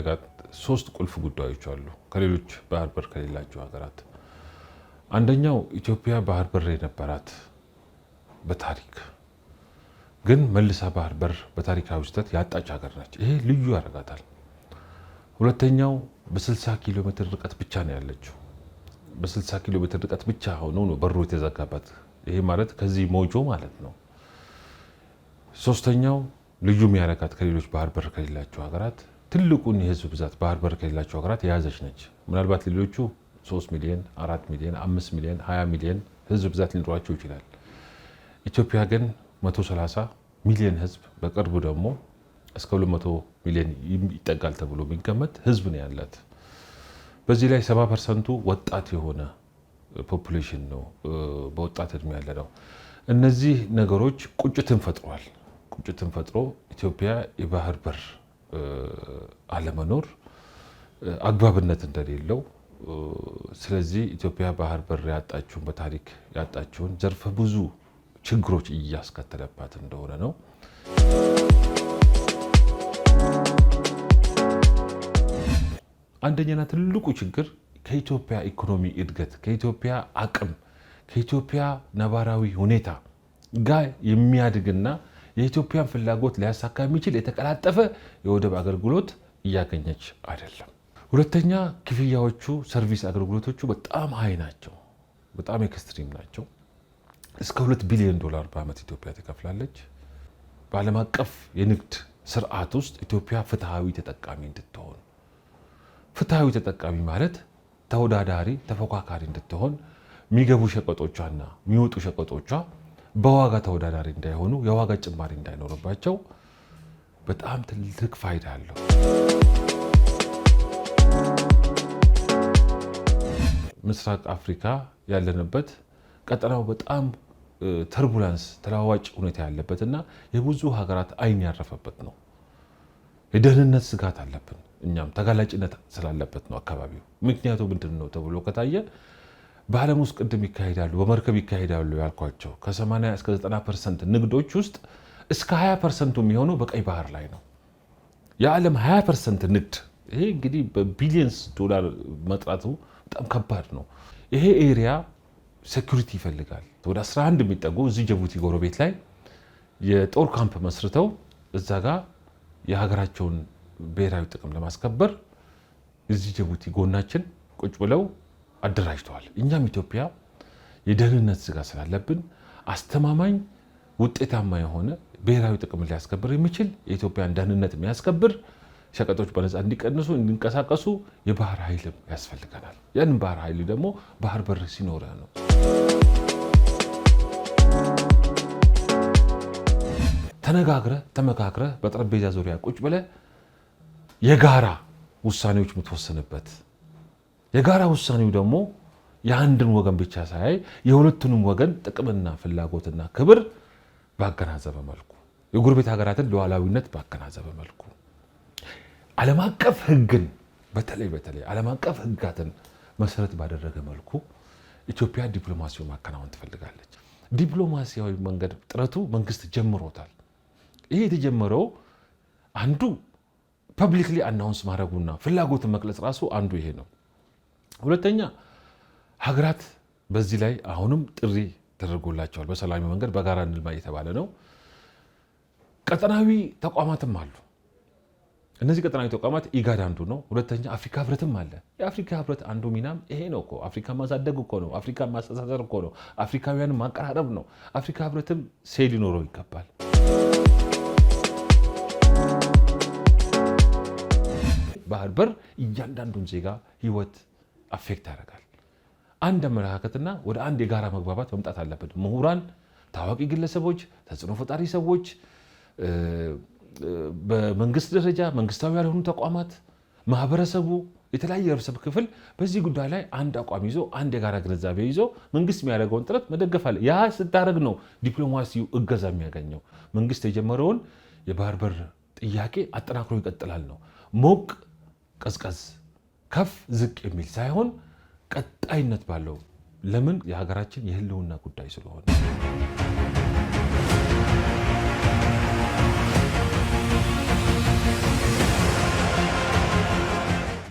የሚያደርጋት ሶስት ቁልፍ ጉዳዮች አሉ ከሌሎች ባህር በር ከሌላቸው ሀገራት። አንደኛው ኢትዮጵያ ባህር በር የነበራት በታሪክ ግን መልሳ ባህር በር በታሪካዊ ስህተት ያጣች ሀገር ነች። ይሄ ልዩ ያደርጋታል። ሁለተኛው በ60 ኪሎ ሜትር ርቀት ብቻ ነው ያለችው። በ60 ኪሎ ሜትር ርቀት ብቻ ሆኖ ነው በሩ የተዘጋባት። ይሄ ማለት ከዚህ ሞጆ ማለት ነው። ሶስተኛው ልዩ የሚያደርጋት ከሌሎች ባህር በር ከሌላቸው ሀገራት ትልቁን የህዝብ ብዛት ባህር በር ከሌላቸው ሀገራት የያዘች ነች። ምናልባት ሌሎቹ 3 ሚሊዮን፣ 4 ሚሊዮን፣ 5 ሚሊዮን፣ 20 ሚሊዮን ህዝብ ብዛት ሊኖሯቸው ይችላል። ኢትዮጵያ ግን 130 ሚሊዮን ህዝብ በቅርቡ ደግሞ እስከ 200 ሚሊዮን ይጠጋል ተብሎ የሚገመት ህዝብ ነው ያላት። በዚህ ላይ 70 ፐርሰንቱ ወጣት የሆነ ፖፑሌሽን ነው፣ በወጣት እድሜ ያለ ነው። እነዚህ ነገሮች ቁጭትን ፈጥሯል። ቁጭትን ፈጥሮ ኢትዮጵያ የባህር በር አለመኖር አግባብነት እንደሌለው ስለዚህ ኢትዮጵያ ባህር በር ያጣችውን በታሪክ ያጣችውን ዘርፈ ብዙ ችግሮች እያስከተለባት እንደሆነ ነው። አንደኛና ትልቁ ችግር ከኢትዮጵያ ኢኮኖሚ እድገት፣ ከኢትዮጵያ አቅም፣ ከኢትዮጵያ ነባራዊ ሁኔታ ጋር የሚያድግና የኢትዮጵያን ፍላጎት ሊያሳካ የሚችል የተቀላጠፈ የወደብ አገልግሎት እያገኘች አይደለም። ሁለተኛ ክፍያዎቹ፣ ሰርቪስ አገልግሎቶቹ በጣም ሀይ ናቸው፣ በጣም ኤክስትሪም ናቸው። እስከ ሁለት ቢሊዮን ዶላር በዓመት ኢትዮጵያ ትከፍላለች። በዓለም አቀፍ የንግድ ስርዓት ውስጥ ኢትዮጵያ ፍትሐዊ ተጠቃሚ እንድትሆን ፍትሐዊ ተጠቃሚ ማለት ተወዳዳሪ ተፎካካሪ እንድትሆን የሚገቡ ሸቀጦቿና የሚወጡ ሸቀጦቿ በዋጋ ተወዳዳሪ እንዳይሆኑ የዋጋ ጭማሪ እንዳይኖርባቸው በጣም ትልቅ ፋይዳ አለው። ምስራቅ አፍሪካ ያለንበት ቀጠናው በጣም ተርቡላንስ ተለዋዋጭ ሁኔታ ያለበት እና የብዙ ሀገራት አይን ያረፈበት ነው። የደህንነት ስጋት አለብን። እኛም ተጋላጭነት ስላለበት ነው አካባቢው። ምክንያቱ ምንድን ነው ተብሎ ከታየ በዓለም ውስጥ ቅድም ይካሄዳሉ፣ በመርከብ ይካሄዳሉ ያልኳቸው ከ80 እስከ 90 ፐርሰንት ንግዶች ውስጥ እስከ 20 ፐርሰንቱ የሚሆነው በቀይ ባህር ላይ ነው። የዓለም 20 ፐርሰንት ንግድ ይሄ እንግዲህ በቢሊየንስ ዶላር መጥራቱ በጣም ከባድ ነው። ይሄ ኤሪያ ሴኩሪቲ ይፈልጋል። ወደ 11 የሚጠጉ እዚህ ጅቡቲ ጎረቤት ላይ የጦር ካምፕ መስርተው እዛ ጋር የሀገራቸውን ብሔራዊ ጥቅም ለማስከበር እዚህ ጅቡቲ ጎናችን ቁጭ ብለው አደራጅተዋል። እኛም ኢትዮጵያ የደህንነት ስጋት ስላለብን አስተማማኝ ውጤታማ የሆነ ብሔራዊ ጥቅም ሊያስከብር የሚችል የኢትዮጵያን ደህንነት የሚያስከብር ሸቀጦች በነፃ እንዲቀንሱ እንዲንቀሳቀሱ የባህር ኃይል ያስፈልገናል። ያንን ባህር ኃይል ደግሞ ባህር በር ሲኖረ ነው። ተነጋግረ ተመካክረ በጠረጴዛ ዙሪያ ቁጭ ብለ የጋራ ውሳኔዎች የምትወሰንበት የጋራ ውሳኔው ደግሞ የአንድን ወገን ብቻ ሳያይ የሁለቱንም ወገን ጥቅምና ፍላጎትና ክብር ባገናዘበ መልኩ የጎረቤት ሀገራትን ሉዓላዊነት ባገናዘበ መልኩ ዓለም አቀፍ ሕግን በተለይ በተለይ ዓለም አቀፍ ሕጋትን መሰረት ባደረገ መልኩ ኢትዮጵያ ዲፕሎማሲው ማከናወን ትፈልጋለች። ዲፕሎማሲያዊ መንገድ ጥረቱ መንግስት ጀምሮታል። ይሄ የተጀመረው አንዱ ፐብሊክሊ አናውንስ ማድረጉና ፍላጎትን መግለጽ ራሱ አንዱ ይሄ ነው። ሁለተኛ ሀገራት በዚህ ላይ አሁንም ጥሪ ተደርጎላቸዋል። በሰላማዊ መንገድ በጋራ እንልማ እየተባለ ነው። ቀጠናዊ ተቋማትም አሉ። እነዚህ ቀጠናዊ ተቋማት ኢጋድ አንዱ ነው። ሁለተኛ አፍሪካ ህብረትም አለ። የአፍሪካ ህብረት አንዱ ሚናም ይሄ ነው እኮ አፍሪካ ማሳደግ እኮ ነው። አፍሪካ ማስተሳሰር እኮ ነው። አፍሪካውያን ማቀራረብ ነው። አፍሪካ ህብረትም ሴ ሊኖረው ይገባል። ባህር በር እያንዳንዱን ዜጋ ህይወት አፌክት ያደርጋል። አንድ አመለካከትና ወደ አንድ የጋራ መግባባት መምጣት አለብን። ምሁራን፣ ታዋቂ ግለሰቦች፣ ተጽዕኖ ፈጣሪ ሰዎች፣ በመንግስት ደረጃ መንግስታዊ ያልሆኑ ተቋማት፣ ማህበረሰቡ፣ የተለያየ የህብረተሰብ ክፍል በዚህ ጉዳይ ላይ አንድ አቋም ይዞ አንድ የጋራ ግንዛቤ ይዞ መንግስት የሚያደርገውን ጥረት መደገፍ አለ። ያ ስታደርግ ነው ዲፕሎማሲው እገዛ የሚያገኘው። መንግስት የጀመረውን የባህር በር ጥያቄ አጠናክሮ ይቀጥላል ነው ሞቅ ቀዝቀዝ ከፍ ዝቅ የሚል ሳይሆን ቀጣይነት ባለው ለምን የሀገራችን የህልውና ጉዳይ ስለሆነ